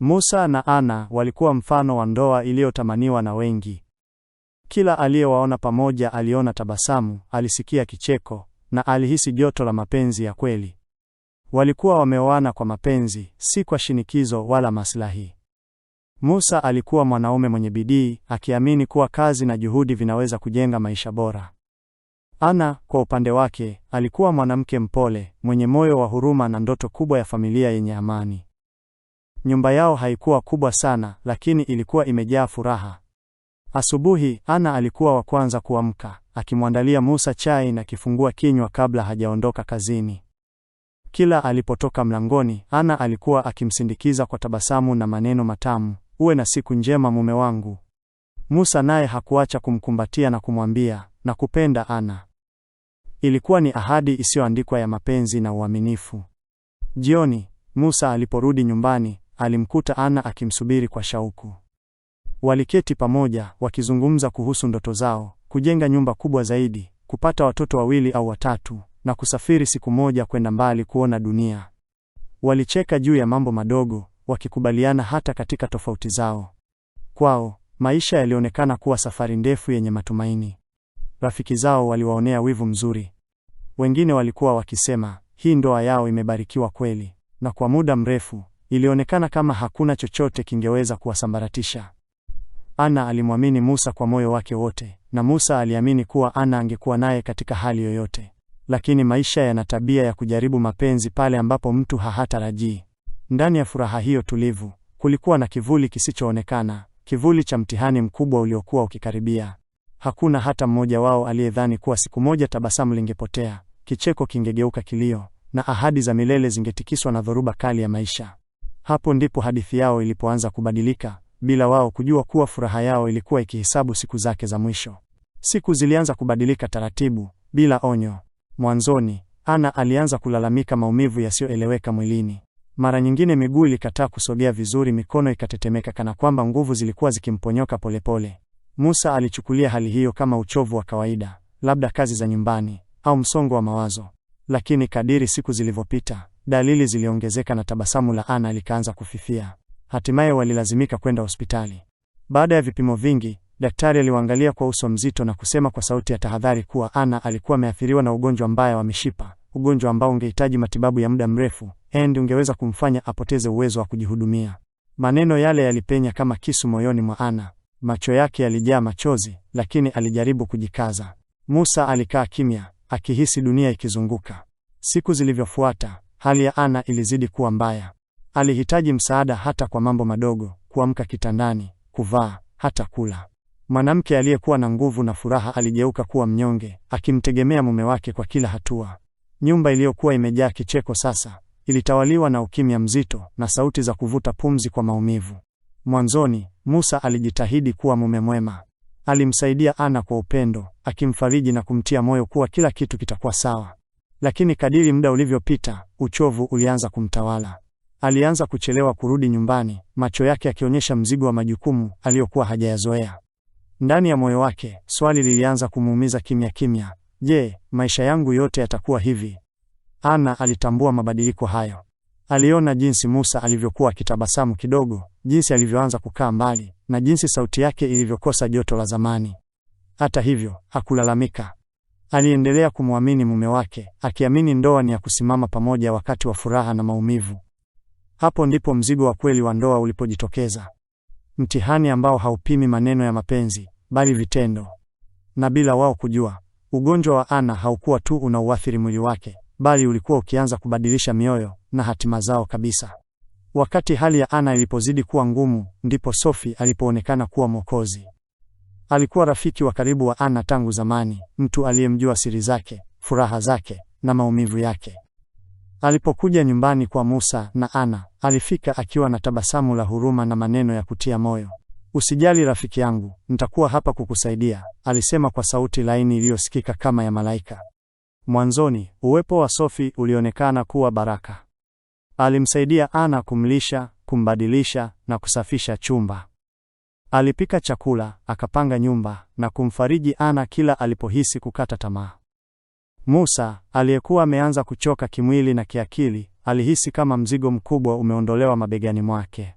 Musa na Ana walikuwa mfano wa ndoa iliyotamaniwa na wengi. Kila aliyewaona pamoja aliona tabasamu, alisikia kicheko na alihisi joto la mapenzi ya kweli. Walikuwa wameoana kwa mapenzi, si kwa shinikizo wala maslahi. Musa alikuwa mwanaume mwenye bidii, akiamini kuwa kazi na juhudi vinaweza kujenga maisha bora. Ana, kwa upande wake, alikuwa mwanamke mpole, mwenye moyo wa huruma na ndoto kubwa ya familia yenye amani. Nyumba yao haikuwa kubwa sana, lakini ilikuwa imejaa furaha. Asubuhi Ana alikuwa wa kwanza kuamka, akimwandalia Musa chai na kifungua kinywa kabla hajaondoka kazini. Kila alipotoka mlangoni, Ana alikuwa akimsindikiza kwa tabasamu na maneno matamu, uwe na siku njema mume wangu. Musa naye hakuacha kumkumbatia na kumwambia na kupenda Ana. Ilikuwa ni ahadi isiyoandikwa ya mapenzi na uaminifu. Jioni Musa aliporudi nyumbani, alimkuta Ana akimsubiri kwa shauku. Waliketi pamoja wakizungumza kuhusu ndoto zao, kujenga nyumba kubwa zaidi, kupata watoto wawili au watatu na kusafiri siku moja kwenda mbali kuona dunia. Walicheka juu ya mambo madogo, wakikubaliana hata katika tofauti zao. Kwao maisha yalionekana kuwa safari ndefu yenye matumaini. Rafiki zao waliwaonea wivu mzuri. Wengine walikuwa wakisema hii ndoa yao imebarikiwa kweli, na kwa muda mrefu Ilionekana kama hakuna chochote kingeweza kuwasambaratisha. Ana alimwamini Musa kwa moyo wake wote, na Musa aliamini kuwa Ana angekuwa naye katika hali yoyote. Lakini maisha yana tabia ya kujaribu mapenzi pale ambapo mtu hahatarajii. Ndani ya furaha hiyo tulivu, kulikuwa na kivuli kisichoonekana, kivuli cha mtihani mkubwa uliokuwa ukikaribia. Hakuna hata mmoja wao aliyedhani kuwa siku moja tabasamu lingepotea, kicheko kingegeuka kilio, na ahadi za milele zingetikiswa na dhoruba kali ya maisha. Hapo ndipo hadithi yao ilipoanza kubadilika, bila wao kujua kuwa furaha yao ilikuwa ikihesabu siku zake za mwisho. Siku zilianza kubadilika taratibu, bila onyo. Mwanzoni, Ana alianza kulalamika maumivu yasiyoeleweka mwilini. Mara nyingine miguu ilikataa kusogea vizuri, mikono ikatetemeka kana kwamba nguvu zilikuwa zikimponyoka polepole. Musa alichukulia hali hiyo kama uchovu wa kawaida, labda kazi za nyumbani au msongo wa mawazo. Lakini kadiri siku zilivyopita, Dalili ziliongezeka na tabasamu la Ana likaanza kufifia. Hatimaye walilazimika kwenda hospitali. Baada ya vipimo vingi, daktari aliwaangalia kwa uso mzito na kusema kwa sauti ya tahadhari kuwa Ana alikuwa ameathiriwa na ugonjwa mbaya wa mishipa, ugonjwa ambao ungehitaji matibabu ya muda mrefu and ungeweza kumfanya apoteze uwezo wa kujihudumia. Maneno yale yalipenya kama kisu moyoni mwa Ana. Macho yake yalijaa machozi, lakini alijaribu kujikaza. Musa alikaa kimya, akihisi dunia ikizunguka. Siku zilivyofuata Hali ya Ana ilizidi kuwa mbaya. Alihitaji msaada hata kwa mambo madogo: kuamka kitandani, kuvaa, hata kula. Mwanamke aliyekuwa na nguvu na furaha aligeuka kuwa mnyonge, akimtegemea mume wake kwa kila hatua. Nyumba iliyokuwa imejaa kicheko sasa ilitawaliwa na ukimya mzito na sauti za kuvuta pumzi kwa maumivu. Mwanzoni, Musa alijitahidi kuwa mume mwema. Alimsaidia Ana kwa upendo, akimfariji na kumtia moyo kuwa kila kitu kitakuwa sawa. Lakini kadiri muda ulivyopita, uchovu ulianza kumtawala. Alianza kuchelewa kurudi nyumbani, macho yake akionyesha mzigo wa majukumu aliyokuwa hajayazoea. Ndani ya moyo wake swali lilianza kumuumiza kimya kimya: je, maisha yangu yote yatakuwa hivi? Ana alitambua mabadiliko hayo. Aliona jinsi Musa alivyokuwa akitabasamu kidogo, jinsi alivyoanza kukaa mbali, na jinsi sauti yake ilivyokosa joto la zamani. Hata hivyo, hakulalamika. Aliendelea kumwamini mume wake, akiamini ndoa ni ya kusimama pamoja wakati wa furaha na maumivu. Hapo ndipo mzigo wa kweli wa ndoa ulipojitokeza, mtihani ambao haupimi maneno ya mapenzi, bali vitendo. Na bila wao kujua, ugonjwa wa Ana haukuwa tu unauathiri mwili wake, bali ulikuwa ukianza kubadilisha mioyo na hatima zao kabisa. Wakati hali ya Ana ilipozidi kuwa ngumu, ndipo Sophie alipoonekana kuwa mwokozi. Alikuwa rafiki wa karibu wa Anna tangu zamani, mtu aliyemjua siri zake, furaha zake na maumivu yake. Alipokuja nyumbani kwa Musa na Anna, alifika akiwa na tabasamu la huruma na maneno ya kutia moyo. Usijali rafiki yangu, nitakuwa hapa kukusaidia, alisema kwa sauti laini iliyosikika kama ya malaika. Mwanzoni, uwepo wa Sophie ulionekana kuwa baraka. Alimsaidia Anna kumlisha, kumbadilisha na kusafisha chumba. Alipika chakula, akapanga nyumba na kumfariji Ana kila alipohisi kukata tamaa. Musa, aliyekuwa ameanza kuchoka kimwili na kiakili, alihisi kama mzigo mkubwa umeondolewa mabegani mwake.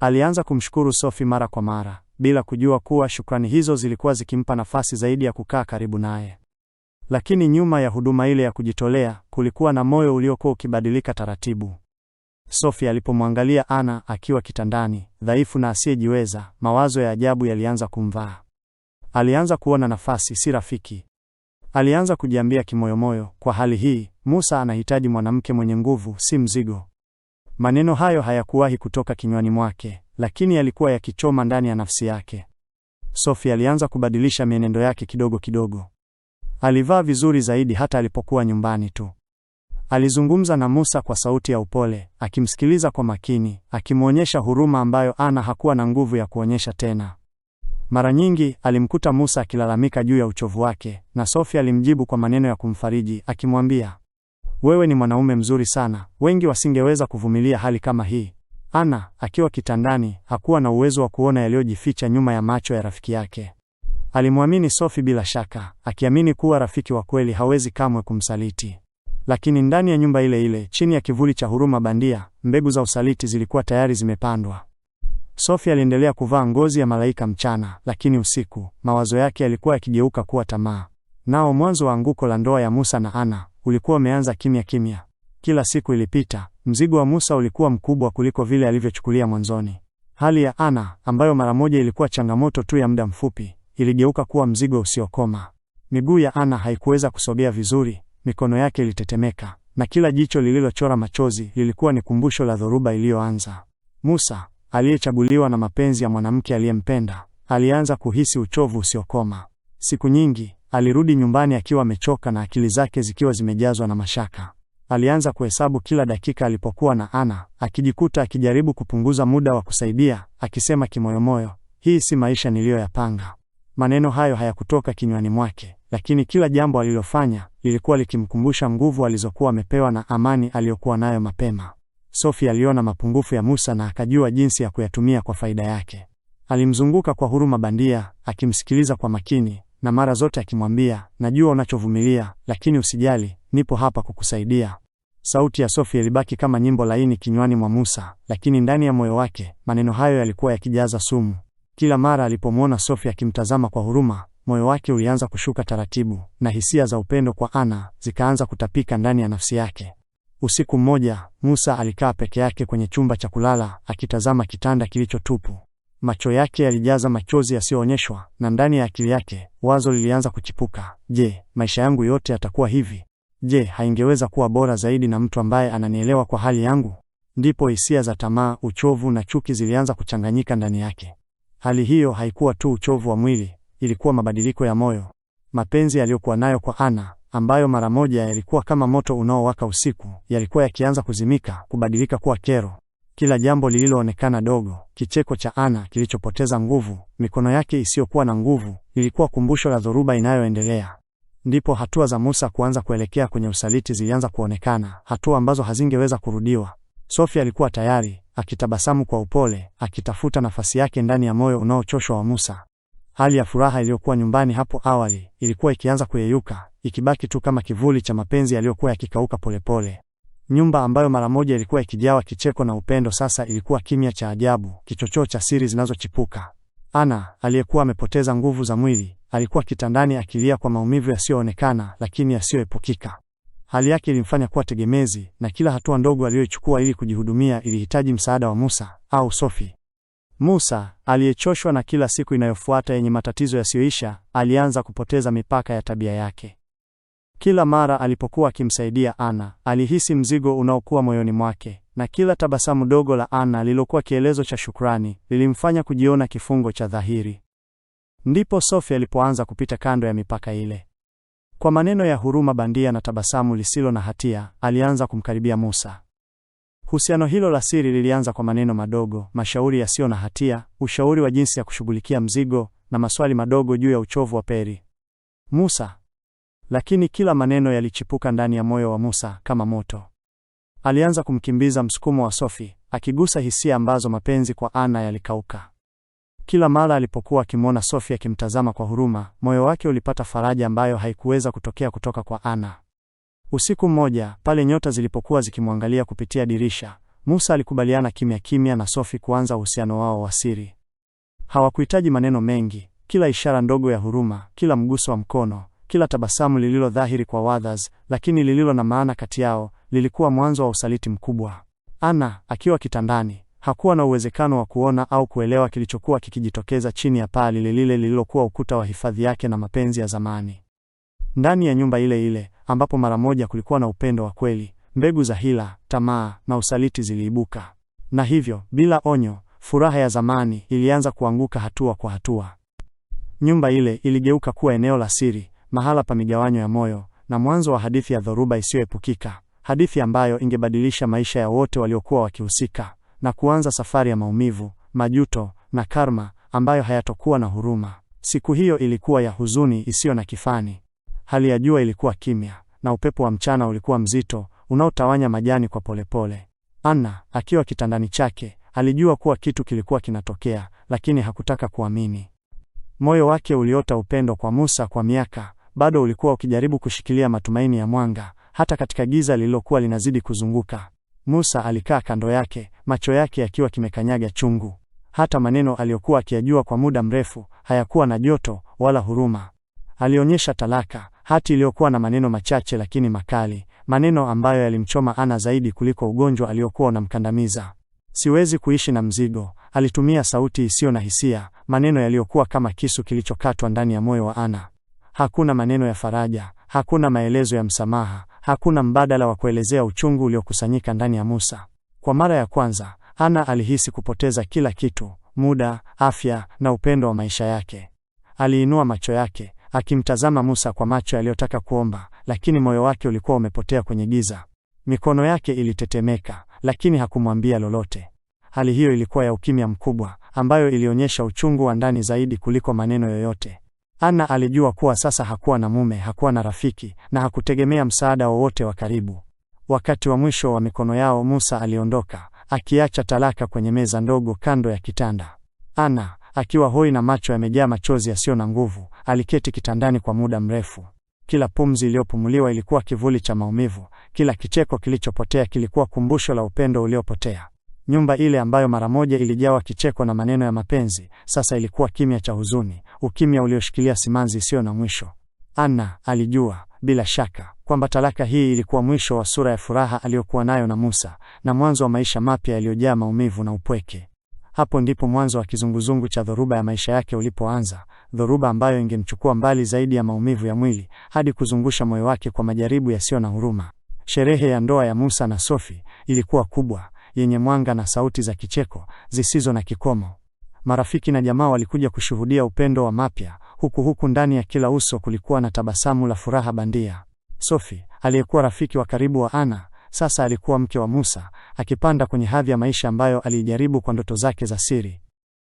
Alianza kumshukuru Sofi mara kwa mara, bila kujua kuwa shukrani hizo zilikuwa zikimpa nafasi zaidi ya kukaa karibu naye. Lakini nyuma ya huduma ile ya kujitolea kulikuwa na moyo uliokuwa ukibadilika taratibu. Sophie alipomwangalia Ana akiwa kitandani, dhaifu na asiyejiweza, mawazo ya ajabu yalianza kumvaa. Alianza kuona nafasi si rafiki. Alianza kujiambia kimoyomoyo, kwa hali hii, Musa anahitaji mwanamke mwenye nguvu, si mzigo. Maneno hayo hayakuwahi kutoka kinywani mwake, lakini yalikuwa yakichoma ndani ya nafsi yake. Sophie alianza kubadilisha mienendo yake kidogo kidogo. Alivaa vizuri zaidi hata alipokuwa nyumbani tu. Alizungumza na Musa kwa sauti ya upole, akimsikiliza kwa makini, akimwonyesha huruma ambayo Ana hakuwa na nguvu ya kuonyesha tena. Mara nyingi alimkuta Musa akilalamika juu ya uchovu wake, na Sofia alimjibu kwa maneno ya kumfariji, akimwambia, wewe ni mwanaume mzuri sana, wengi wasingeweza kuvumilia hali kama hii. Ana, akiwa kitandani, hakuwa na uwezo wa kuona yaliyojificha nyuma ya macho ya rafiki yake. Alimwamini sofi bila shaka, akiamini kuwa rafiki wa kweli hawezi kamwe kumsaliti. Lakini ndani ya nyumba ile ile, chini ya kivuli cha huruma bandia, mbegu za usaliti zilikuwa tayari zimepandwa. Sophie aliendelea kuvaa ngozi ya malaika mchana, lakini usiku mawazo yake yalikuwa yakigeuka kuwa tamaa. Nao mwanzo wa anguko la ndoa ya Musa na Ana ulikuwa umeanza kimya kimya. Kila siku ilipita, mzigo wa Musa ulikuwa mkubwa kuliko vile alivyochukulia mwanzoni. Hali ya Ana ambayo mara moja ilikuwa changamoto tu ya muda mfupi, iligeuka kuwa mzigo usiokoma. Miguu ya Ana haikuweza kusogea vizuri, mikono yake ilitetemeka na kila jicho lililochora machozi lilikuwa ni kumbusho la dhoruba iliyoanza. Musa aliyechaguliwa na mapenzi ya mwanamke aliyempenda alianza kuhisi uchovu usiokoma. Siku nyingi alirudi nyumbani akiwa amechoka na akili zake zikiwa zimejazwa na mashaka. Alianza kuhesabu kila dakika alipokuwa na Ana, akijikuta akijaribu kupunguza muda wa kusaidia, akisema kimoyomoyo, hii si maisha niliyoyapanga. Maneno hayo hayakutoka kinywani mwake, lakini kila jambo alilofanya lilikuwa likimkumbusha nguvu alizokuwa amepewa na amani aliyokuwa nayo mapema. Sophie aliona mapungufu ya Musa na akajua jinsi ya kuyatumia kwa faida yake. Alimzunguka kwa huruma bandia, akimsikiliza kwa makini na mara zote akimwambia, najua unachovumilia, lakini usijali, nipo hapa kukusaidia. Sauti ya Sophie ilibaki kama nyimbo laini kinywani mwa Musa, lakini ndani ya moyo wake maneno hayo yalikuwa yakijaza sumu. Kila mara alipomwona Sophie akimtazama kwa huruma, moyo wake ulianza kushuka taratibu na hisia za upendo kwa Ana zikaanza kutapika ndani ya nafsi yake. Usiku mmoja, Musa alikaa peke yake kwenye chumba cha kulala akitazama kitanda kilichotupu. Macho yake yalijaza machozi yasiyoonyeshwa na ndani ya akili yake wazo lilianza kuchipuka. Je, maisha yangu yote yatakuwa hivi? Je, haingeweza kuwa bora zaidi na mtu ambaye ananielewa kwa hali yangu? Ndipo hisia za tamaa, uchovu na chuki zilianza kuchanganyika ndani yake. Hali hiyo haikuwa tu uchovu wa mwili, ilikuwa mabadiliko ya moyo. Mapenzi yaliyokuwa nayo kwa Ana, ambayo mara moja yalikuwa kama moto unaowaka usiku, yalikuwa yakianza kuzimika, kubadilika kuwa kero. Kila jambo lililoonekana dogo, kicheko cha Ana kilichopoteza nguvu, mikono yake isiyokuwa na nguvu, ilikuwa kumbusho la dhoruba inayoendelea. Ndipo hatua za Musa kuanza kuelekea kwenye usaliti zilianza kuonekana, hatua ambazo hazingeweza kurudiwa. Sofia alikuwa tayari akitabasamu kwa upole, akitafuta nafasi yake ndani ya moyo unaochoshwa wa Musa. Hali ya furaha iliyokuwa nyumbani hapo awali ilikuwa ikianza kuyeyuka, ikibaki tu kama kivuli cha mapenzi yaliyokuwa yakikauka polepole. Nyumba ambayo mara moja ilikuwa ikijawa kicheko na upendo sasa ilikuwa kimya cha ajabu, kichochoo cha siri zinazochipuka. Ana aliyekuwa amepoteza nguvu za mwili alikuwa kitandani akilia kwa maumivu yasiyoonekana lakini yasiyoepukika hali yake ilimfanya kuwa tegemezi na kila hatua ndogo aliyoichukua ili kujihudumia ilihitaji msaada wa Musa au Sophie. Musa aliyechoshwa na kila siku inayofuata yenye matatizo yasiyoisha, alianza kupoteza mipaka ya tabia yake. Kila mara alipokuwa akimsaidia Ana, alihisi mzigo unaokuwa moyoni mwake, na kila tabasamu dogo la Ana lililokuwa kielezo cha shukrani lilimfanya kujiona kifungo cha dhahiri. Ndipo Sophie alipoanza kupita kando ya mipaka ile. Kwa maneno ya huruma bandia na tabasamu lisilo na hatia, alianza kumkaribia Musa. Husiano hilo la siri lilianza kwa maneno madogo, mashauri yasiyo na hatia, ushauri wa jinsi ya kushughulikia mzigo na maswali madogo juu ya uchovu wa peri. Musa. Lakini kila maneno yalichipuka ndani ya moyo wa Musa kama moto. Alianza kumkimbiza msukumo wa Sophie, akigusa hisia ambazo mapenzi kwa Ana yalikauka. Kila mara alipokuwa akimwona Sophie akimtazama kwa huruma, moyo wake ulipata faraja ambayo haikuweza kutokea kutoka kwa Anna. Usiku mmoja, pale nyota zilipokuwa zikimwangalia kupitia dirisha, Musa alikubaliana kimya kimya na Sophie kuanza uhusiano wao wa siri. Hawakuhitaji maneno mengi, kila ishara ndogo ya huruma, kila mguso wa mkono, kila tabasamu lililo dhahiri kwa Wathers, lakini lililo na maana kati yao, lilikuwa mwanzo wa usaliti mkubwa. Anna, akiwa kitandani hakuwa na uwezekano wa kuona au kuelewa kilichokuwa kikijitokeza chini ya paa lile lile lililokuwa ukuta wa hifadhi yake na mapenzi ya zamani. Ndani ya nyumba ile ile ambapo mara moja kulikuwa na upendo wa kweli, mbegu za hila, tamaa na usaliti ziliibuka, na hivyo bila onyo, furaha ya zamani ilianza kuanguka hatua kwa hatua. Nyumba ile iligeuka kuwa eneo la siri, mahala pa migawanyo ya moyo na mwanzo wa hadithi ya dhoruba isiyoepukika, hadithi ambayo ingebadilisha maisha ya wote waliokuwa wakihusika na kuanza safari ya maumivu, majuto na karma ambayo hayatokuwa na huruma. Siku hiyo ilikuwa ya huzuni isiyo na kifani. Hali ya jua ilikuwa kimya na upepo wa mchana ulikuwa mzito unaotawanya majani kwa polepole. Anna akiwa kitandani chake alijua kuwa kitu kilikuwa kinatokea, lakini hakutaka kuamini. Moyo wake uliota upendo kwa Musa kwa miaka, bado ulikuwa ukijaribu kushikilia matumaini ya mwanga hata katika giza lililokuwa linazidi kuzunguka. Musa alikaa kando yake macho yake yakiwa kimekanyaga chungu. Hata maneno aliyokuwa akiyajua kwa muda mrefu hayakuwa na joto wala huruma. Alionyesha talaka, hati iliyokuwa na maneno machache lakini makali, maneno ambayo yalimchoma Ana zaidi kuliko ugonjwa aliokuwa unamkandamiza. Siwezi kuishi na mzigo. Alitumia sauti isiyo na hisia, maneno yaliyokuwa kama kisu kilichokatwa ndani ya moyo wa Ana. Hakuna maneno ya faraja, hakuna maelezo ya msamaha, hakuna mbadala wa kuelezea uchungu uliokusanyika ndani ya Musa. Kwa mara ya kwanza, ana alihisi kupoteza kila kitu: muda, afya na upendo wa maisha yake. Aliinua macho yake akimtazama Musa kwa macho yaliyotaka kuomba, lakini moyo wake ulikuwa umepotea kwenye giza. Mikono yake ilitetemeka, lakini hakumwambia lolote. Hali hiyo ilikuwa ya ukimya mkubwa, ambayo ilionyesha uchungu wa ndani zaidi kuliko maneno yoyote. ana alijua kuwa sasa hakuwa na mume, hakuwa na rafiki na hakutegemea msaada wowote wa karibu. Wakati wa mwisho wa mikono yao, Musa aliondoka akiacha talaka kwenye meza ndogo kando ya kitanda. Ana akiwa hoi na macho yamejaa machozi yasiyo na nguvu, aliketi kitandani kwa muda mrefu. Kila pumzi iliyopumuliwa ilikuwa kivuli cha maumivu, kila kicheko kilichopotea kilikuwa kumbusho la upendo uliopotea. Nyumba ile ambayo mara moja ilijawa kicheko na maneno ya mapenzi, sasa ilikuwa kimya cha huzuni, ukimya ulioshikilia simanzi isiyo na mwisho. Anna alijua bila shaka kwamba talaka hii ilikuwa mwisho wa sura ya furaha aliyokuwa nayo na Musa na mwanzo wa maisha mapya yaliyojaa maumivu na upweke. Hapo ndipo mwanzo wa kizunguzungu cha dhoruba ya maisha yake ulipoanza, dhoruba ambayo ingemchukua mbali zaidi ya maumivu ya mwili hadi kuzungusha moyo wake kwa majaribu yasiyo na huruma. Sherehe ya ndoa ya Musa na sofi ilikuwa kubwa, yenye mwanga na sauti za kicheko zisizo na kikomo. Marafiki na jamaa walikuja kushuhudia upendo wa mapya, huku huku ndani ya kila uso kulikuwa na tabasamu la furaha bandia. Sophie aliyekuwa rafiki wa karibu wa Ana sasa alikuwa mke wa Musa, akipanda kwenye hadhi ya maisha ambayo alijaribu kwa ndoto zake za siri.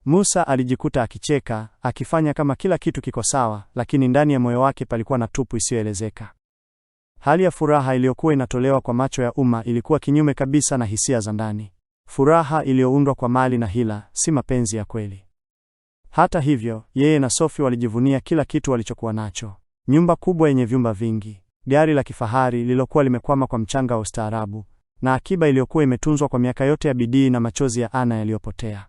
Musa alijikuta akicheka, akifanya kama kila kitu kiko sawa, lakini ndani ya moyo wake palikuwa na tupu isiyoelezeka. Hali ya furaha iliyokuwa inatolewa kwa macho ya umma ilikuwa kinyume kabisa na hisia za ndani, furaha iliyoundwa kwa mali na hila, si mapenzi ya kweli. Hata hivyo, yeye na Sophie walijivunia kila kitu walichokuwa nacho: nyumba kubwa yenye vyumba vingi, gari la kifahari lililokuwa limekwama kwa mchanga wa ustaarabu, na akiba iliyokuwa imetunzwa kwa miaka yote ya bidii na machozi ya Ana yaliyopotea.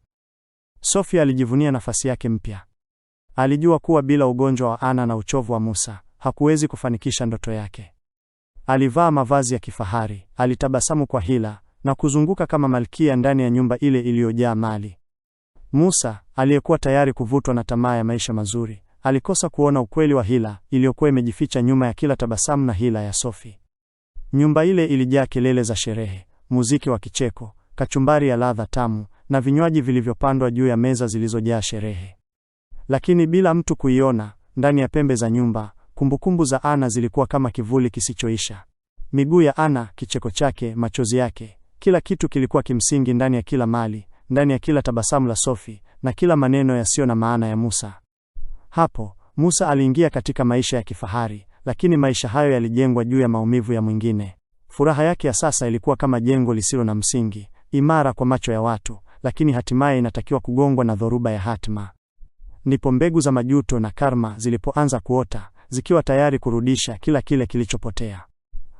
Sophie alijivunia nafasi yake mpya. Alijua kuwa bila ugonjwa wa Ana na uchovu wa Musa hakuwezi kufanikisha ndoto yake. Alivaa mavazi ya kifahari, alitabasamu kwa hila na kuzunguka kama malkia ndani ya nyumba ile iliyojaa mali. Musa aliyekuwa tayari kuvutwa na tamaa ya maisha mazuri alikosa kuona ukweli wa hila iliyokuwa imejificha nyuma ya kila tabasamu na hila ya sofi Nyumba ile ilijaa kelele za sherehe, muziki wa kicheko, kachumbari ya ladha tamu na vinywaji vilivyopandwa juu ya meza zilizojaa sherehe. Lakini bila mtu kuiona, ndani ya pembe za nyumba, kumbukumbu za Ana zilikuwa kama kivuli kisichoisha. Miguu ya Ana, kicheko chake, machozi yake, kila kitu kilikuwa kimsingi ndani ya kila mali ndani ya kila tabasamu la Sophie na kila maneno yasiyo na maana ya Musa. Hapo Musa aliingia katika maisha ya kifahari, lakini maisha hayo yalijengwa juu ya maumivu ya mwingine. Furaha yake ya sasa ilikuwa kama jengo lisilo na msingi, imara kwa macho ya watu, lakini hatimaye inatakiwa kugongwa na dhoruba ya hatima. Ndipo mbegu za majuto na karma zilipoanza kuota, zikiwa tayari kurudisha kila kile kilichopotea.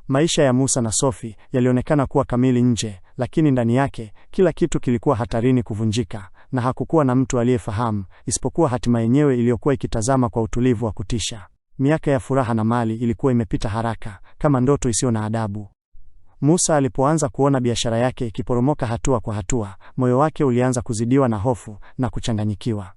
Maisha ya Musa na Sophie yalionekana kuwa kamili nje, lakini ndani yake kila kitu kilikuwa hatarini kuvunjika, na hakukuwa na mtu aliyefahamu isipokuwa hatima yenyewe iliyokuwa ikitazama kwa utulivu wa kutisha. Miaka ya furaha na mali ilikuwa imepita haraka kama ndoto isiyo na adabu. Musa alipoanza kuona biashara yake ikiporomoka hatua kwa hatua, moyo wake ulianza kuzidiwa na hofu na kuchanganyikiwa.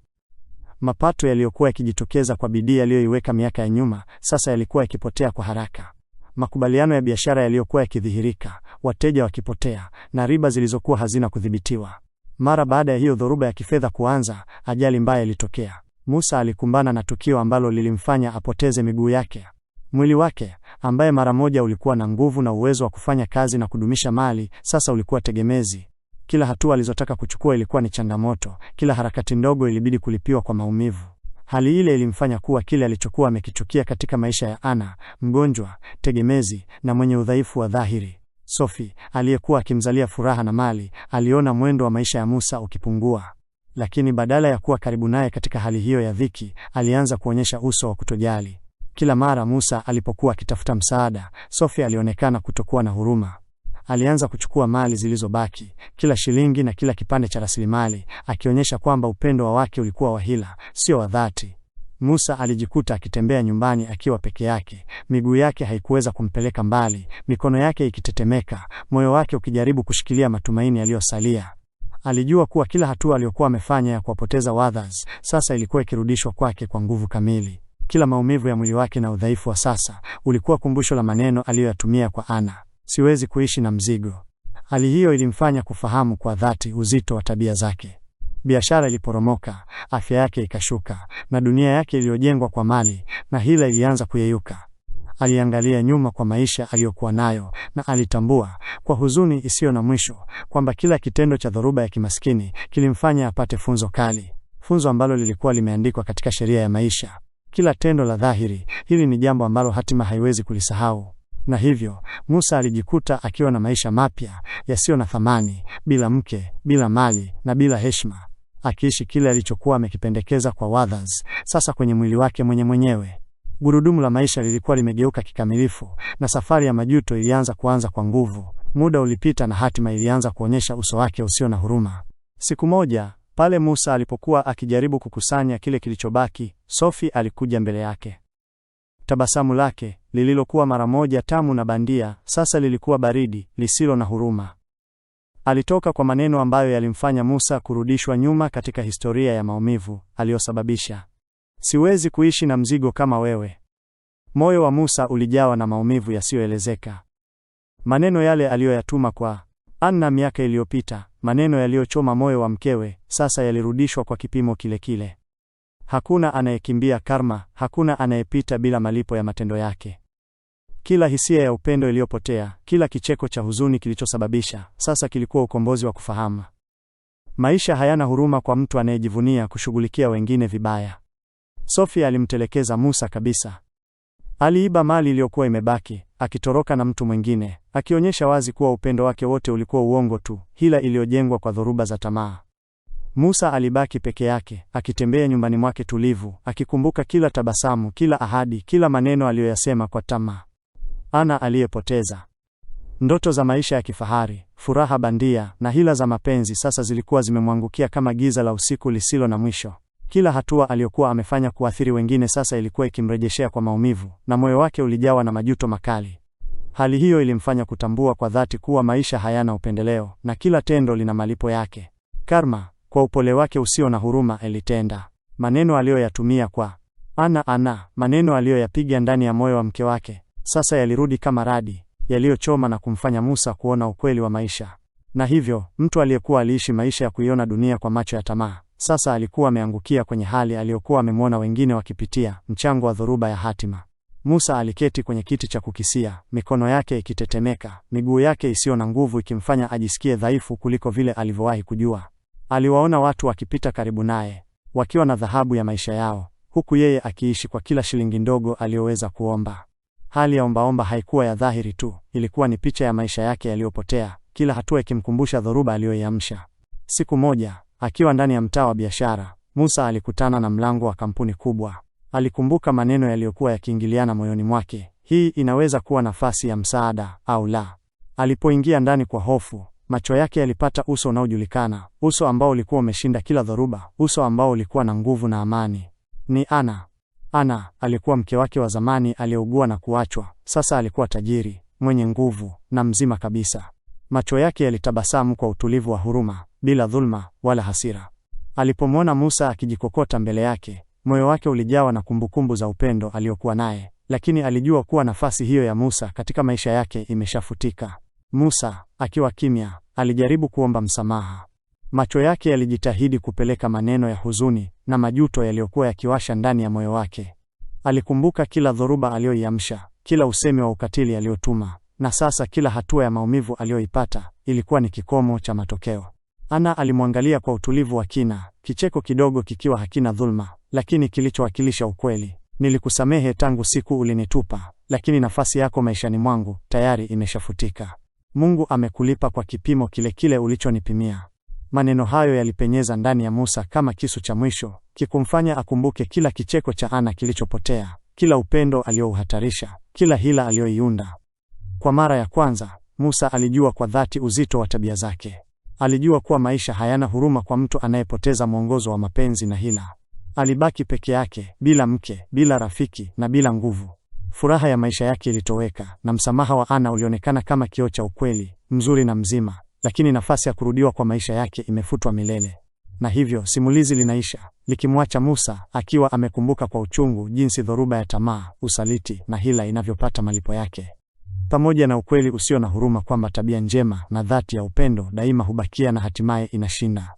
Mapato yaliyokuwa yakijitokeza kwa bidii aliyoiweka miaka ya nyuma, sasa yalikuwa yakipotea kwa haraka makubaliano ya biashara yaliyokuwa yakidhihirika, wateja wakipotea na riba zilizokuwa hazina kudhibitiwa. Mara baada ya hiyo dhoruba ya kifedha kuanza, ajali mbaya ilitokea. Musa alikumbana na tukio ambalo lilimfanya apoteze miguu yake. Mwili wake ambaye mara moja ulikuwa na nguvu na uwezo wa kufanya kazi na kudumisha mali, sasa ulikuwa tegemezi. Kila hatua alizotaka kuchukua ilikuwa ni changamoto, kila harakati ndogo ilibidi kulipiwa kwa maumivu. Hali ile ilimfanya kuwa kile alichokuwa amekichukia katika maisha ya Ana, mgonjwa, tegemezi na mwenye udhaifu wa dhahiri. sofi aliyekuwa akimzalia furaha na mali, aliona mwendo wa maisha ya Musa ukipungua. Lakini badala ya kuwa karibu naye katika hali hiyo ya dhiki, alianza kuonyesha uso wa kutojali. Kila mara Musa alipokuwa akitafuta msaada, sofi alionekana kutokuwa na huruma alianza kuchukua mali zilizobaki, kila shilingi na kila kipande cha rasilimali, akionyesha kwamba upendo wa wake ulikuwa wa hila, sio wa dhati. Musa alijikuta akitembea nyumbani akiwa peke yake. Miguu yake haikuweza kumpeleka mbali, mikono yake ikitetemeka, moyo wake ukijaribu kushikilia matumaini yaliyosalia. Alijua kuwa kila hatua aliyokuwa amefanya ya kuwapoteza Wathers sasa ilikuwa ikirudishwa kwake kwa nguvu kamili. Kila maumivu ya mwili wake na udhaifu wa sasa ulikuwa kumbusho la maneno aliyoyatumia kwa Ana siwezi kuishi na mzigo. Hali hiyo ilimfanya kufahamu kwa dhati uzito wa tabia zake. Biashara iliporomoka, afya yake ikashuka, na dunia yake iliyojengwa kwa mali na hila ilianza kuyeyuka. Aliangalia nyuma kwa maisha aliyokuwa nayo na alitambua kwa huzuni isiyo na mwisho kwamba kila kitendo cha dhoruba ya kimaskini kilimfanya apate funzo kali, funzo ambalo lilikuwa limeandikwa katika sheria ya maisha. Kila tendo la dhahiri hili ni jambo ambalo hatima haiwezi kulisahau na hivyo Musa alijikuta akiwa na maisha mapya yasiyo na thamani, bila mke, bila mali na bila heshima, akiishi kile alichokuwa amekipendekeza kwa Wathers, sasa kwenye mwili wake mwenye mwenyewe. Gurudumu la maisha lilikuwa limegeuka kikamilifu, na safari ya majuto ilianza kuanza kwa nguvu. Muda ulipita na hatima ilianza kuonyesha uso wake usio na huruma. Siku moja pale Musa alipokuwa akijaribu kukusanya kile kilichobaki, Sophie alikuja mbele yake. Tabasamu lake lililokuwa mara moja tamu na bandia, sasa lilikuwa baridi, lisilo na huruma. Alitoka kwa maneno ambayo yalimfanya Musa kurudishwa nyuma katika historia ya maumivu aliyosababisha. Siwezi kuishi na mzigo kama wewe. Moyo wa Musa ulijawa na maumivu yasiyoelezeka. Maneno yale aliyoyatuma kwa Anna miaka iliyopita, maneno yaliyochoma moyo wa mkewe, sasa yalirudishwa kwa kipimo kile kile. Hakuna anayekimbia karma, hakuna anayepita bila malipo ya matendo yake. Kila hisia ya upendo iliyopotea, kila kicheko cha huzuni kilichosababisha, sasa kilikuwa ukombozi wa kufahamu. Maisha hayana huruma kwa mtu anayejivunia kushughulikia wengine vibaya. Sofia alimtelekeza Musa kabisa. Aliiba mali iliyokuwa imebaki, akitoroka na mtu mwingine, akionyesha wazi kuwa upendo wake wote ulikuwa uongo tu, hila iliyojengwa kwa dhoruba za tamaa. Musa alibaki peke yake, akitembea nyumbani mwake tulivu, akikumbuka kila tabasamu, kila ahadi, kila maneno aliyoyasema kwa tamaa. Ana aliyepoteza ndoto za maisha ya kifahari, furaha bandia na hila za mapenzi sasa zilikuwa zimemwangukia kama giza la usiku lisilo na mwisho. Kila hatua aliyokuwa amefanya kuathiri wengine sasa ilikuwa ikimrejeshea kwa maumivu, na moyo wake ulijawa na majuto makali. Hali hiyo ilimfanya kutambua kwa dhati kuwa maisha hayana upendeleo na kila tendo lina malipo yake. Karma kwa upole wake usio na huruma alitenda maneno aliyoyatumia kwa ana ana, maneno aliyoyapiga ndani ya moyo wa mke wake sasa yalirudi kama radi yaliyochoma na kumfanya Musa kuona ukweli wa maisha. Na hivyo mtu aliyekuwa aliishi maisha ya kuiona dunia kwa macho ya tamaa, sasa alikuwa ameangukia kwenye hali aliyokuwa amemwona wengine wakipitia, mchango wa dhoruba ya hatima. Musa aliketi kwenye kiti cha kukisia, mikono yake ikitetemeka, miguu yake isiyo na nguvu ikimfanya ajisikie dhaifu kuliko vile alivyowahi kujua. Aliwaona watu wakipita karibu naye wakiwa na dhahabu ya maisha yao, huku yeye akiishi kwa kila shilingi ndogo aliyoweza kuomba. Hali ya ombaomba haikuwa ya dhahiri tu, ilikuwa ni picha ya maisha yake yaliyopotea, kila hatua ikimkumbusha dhoruba aliyoiamsha. Siku moja akiwa ndani ya mtaa wa biashara, Musa alikutana na mlango wa kampuni kubwa. Alikumbuka maneno yaliyokuwa yakiingiliana moyoni mwake, hii inaweza kuwa nafasi ya msaada au la. Alipoingia ndani kwa hofu, Macho yake yalipata uso unaojulikana, uso ambao ulikuwa umeshinda kila dhoruba, uso ambao ulikuwa na nguvu na amani. Ni Ana. Ana alikuwa mke wake wa zamani aliyeugua na kuachwa. Sasa alikuwa tajiri, mwenye nguvu na mzima kabisa. Macho yake yalitabasamu kwa utulivu wa huruma, bila dhulma wala hasira. Alipomwona Musa akijikokota mbele yake, moyo wake ulijawa na kumbukumbu za upendo aliyokuwa naye, lakini alijua kuwa nafasi hiyo ya Musa katika maisha yake imeshafutika. Musa, akiwa kimya, alijaribu kuomba msamaha. Macho yake yalijitahidi kupeleka maneno ya huzuni na majuto yaliyokuwa yakiwasha ndani ya moyo wake. Alikumbuka kila dhoruba aliyoiamsha, kila usemi wa ukatili aliyotuma, na sasa kila hatua ya maumivu aliyoipata ilikuwa ni kikomo cha matokeo. Ana alimwangalia kwa utulivu wa kina, kicheko kidogo kikiwa hakina dhulma, lakini kilichowakilisha ukweli. Nilikusamehe tangu siku ulinitupa, lakini nafasi yako maishani mwangu tayari imeshafutika. Mungu amekulipa kwa kipimo kile kile ulichonipimia. Maneno hayo yalipenyeza ndani ya Musa kama kisu cha mwisho, kikumfanya akumbuke kila kicheko cha Ana kilichopotea, kila upendo aliyouhatarisha, kila hila aliyoiunda. Kwa mara ya kwanza, Musa alijua kwa dhati uzito wa tabia zake. Alijua kuwa maisha hayana huruma kwa mtu anayepoteza mwongozo wa mapenzi na hila. Alibaki peke yake, bila mke, bila rafiki na bila nguvu furaha ya maisha yake ilitoweka na msamaha wa Ana ulionekana kama kioo cha ukweli mzuri na mzima, lakini nafasi ya kurudiwa kwa maisha yake imefutwa milele. Na hivyo simulizi linaisha likimwacha Musa akiwa amekumbuka kwa uchungu jinsi dhoruba ya tamaa, usaliti na hila inavyopata malipo yake, pamoja na ukweli usio na huruma kwamba tabia njema na dhati ya upendo daima hubakia na hatimaye inashinda.